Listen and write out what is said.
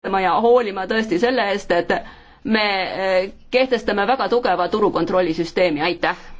mõtlema ja hoolima tõesti selle eest, et me eh, kehtestame väga tugeva turukontrolli süsteemi, aitäh!